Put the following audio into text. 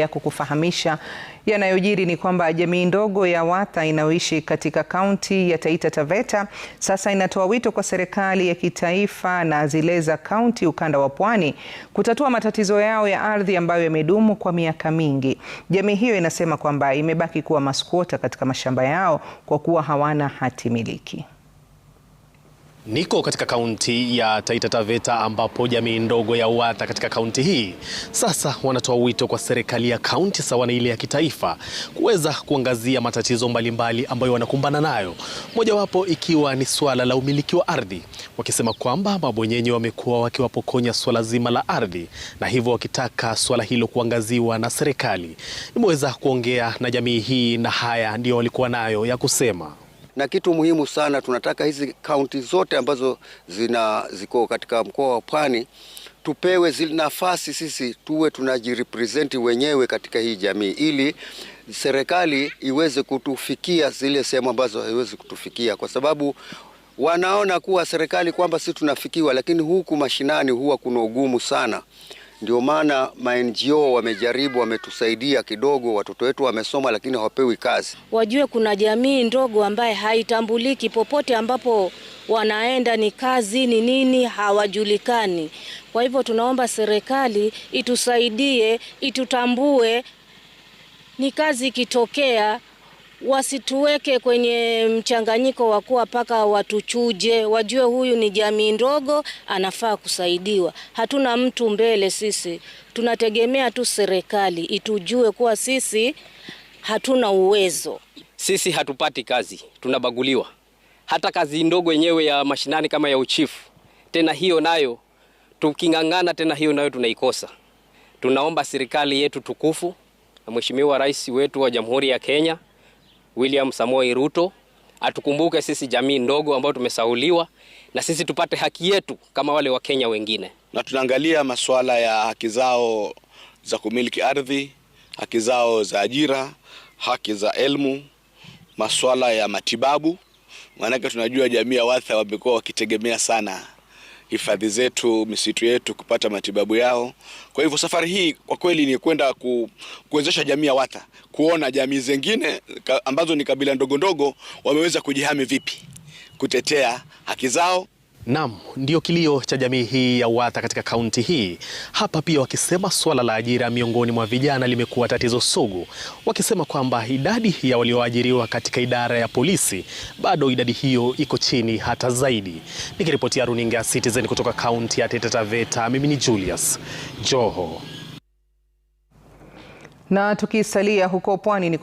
ya kukufahamisha yanayojiri ni kwamba jamii ndogo ya Watha inayoishi katika kaunti ya Taita Taveta sasa inatoa wito kwa serikali ya kitaifa na zile za kaunti ukanda wa Pwani kutatua matatizo yao ya ardhi ambayo yamedumu kwa miaka mingi. Jamii hiyo inasema kwamba imebaki kuwa maskwota katika mashamba yao kwa kuwa hawana hati miliki. Niko katika kaunti ya Taita Taveta ambapo jamii ndogo ya Uwata katika kaunti hii sasa wanatoa wito kwa serikali ya kaunti sawa na ile ya kitaifa kuweza kuangazia matatizo mbalimbali ambayo wanakumbana nayo, mojawapo ikiwa ni swala la umiliki wa ardhi, wakisema kwamba mabwenyenye wamekuwa wakiwapokonya swala zima la ardhi na hivyo wakitaka swala hilo kuangaziwa na serikali. Nimeweza kuongea na jamii hii na haya ndiyo walikuwa nayo ya kusema na kitu muhimu sana, tunataka hizi kaunti zote ambazo zina ziko katika mkoa wa Pwani tupewe zile nafasi sisi tuwe tunajirepresenti wenyewe katika hii jamii, ili serikali iweze kutufikia zile sehemu ambazo haiwezi kutufikia, kwa sababu wanaona kuwa serikali kwamba si tunafikiwa, lakini huku mashinani huwa kuna ugumu sana. Ndio maana ma NGO wamejaribu, wametusaidia kidogo, watoto wetu wamesoma, lakini hawapewi kazi. Wajue kuna jamii ndogo ambaye haitambuliki popote ambapo wanaenda, ni kazi ni nini, hawajulikani. Kwa hivyo tunaomba serikali itusaidie, itutambue, ni kazi ikitokea wasituweke kwenye mchanganyiko wa kuwa paka watuchuje, wajue huyu ni jamii ndogo, anafaa kusaidiwa. Hatuna mtu mbele, sisi tunategemea tu serikali itujue kuwa sisi hatuna uwezo. Sisi hatupati kazi, tunabaguliwa. Hata kazi ndogo yenyewe ya mashinani kama ya uchifu, tena hiyo nayo tuking'ang'ana, tena hiyo nayo tunaikosa. Tunaomba serikali yetu tukufu na Mheshimiwa Rais wetu wa Jamhuri ya Kenya William Samoei Ruto atukumbuke sisi jamii ndogo ambayo tumesauliwa na sisi tupate haki yetu kama wale Wakenya wengine. Na tunaangalia masuala ya haki zao za kumiliki ardhi, haki zao za ajira, haki za elimu, masuala ya matibabu, maanake tunajua jamii ya Watha wamekuwa wakitegemea sana hifadhi zetu, misitu yetu kupata matibabu yao. Kwa hivyo safari hii kwa kweli ni kwenda ku, kuwezesha jamii ya Wata kuona jamii zingine ambazo ni kabila ndogo ndogo wameweza kujihami vipi kutetea haki zao Naam, ndio kilio cha jamii hii ya Watha katika kaunti hii. Hapa pia wakisema suala la ajira miongoni mwa vijana limekuwa tatizo sugu, wakisema kwamba idadi ya walioajiriwa katika idara ya polisi bado idadi hiyo iko chini hata zaidi. Nikiripotia runinga ya Citizen kutoka kaunti ya Taita Taveta, mimi ni Julius Joho. Na tukisalia huko pwani ni kwa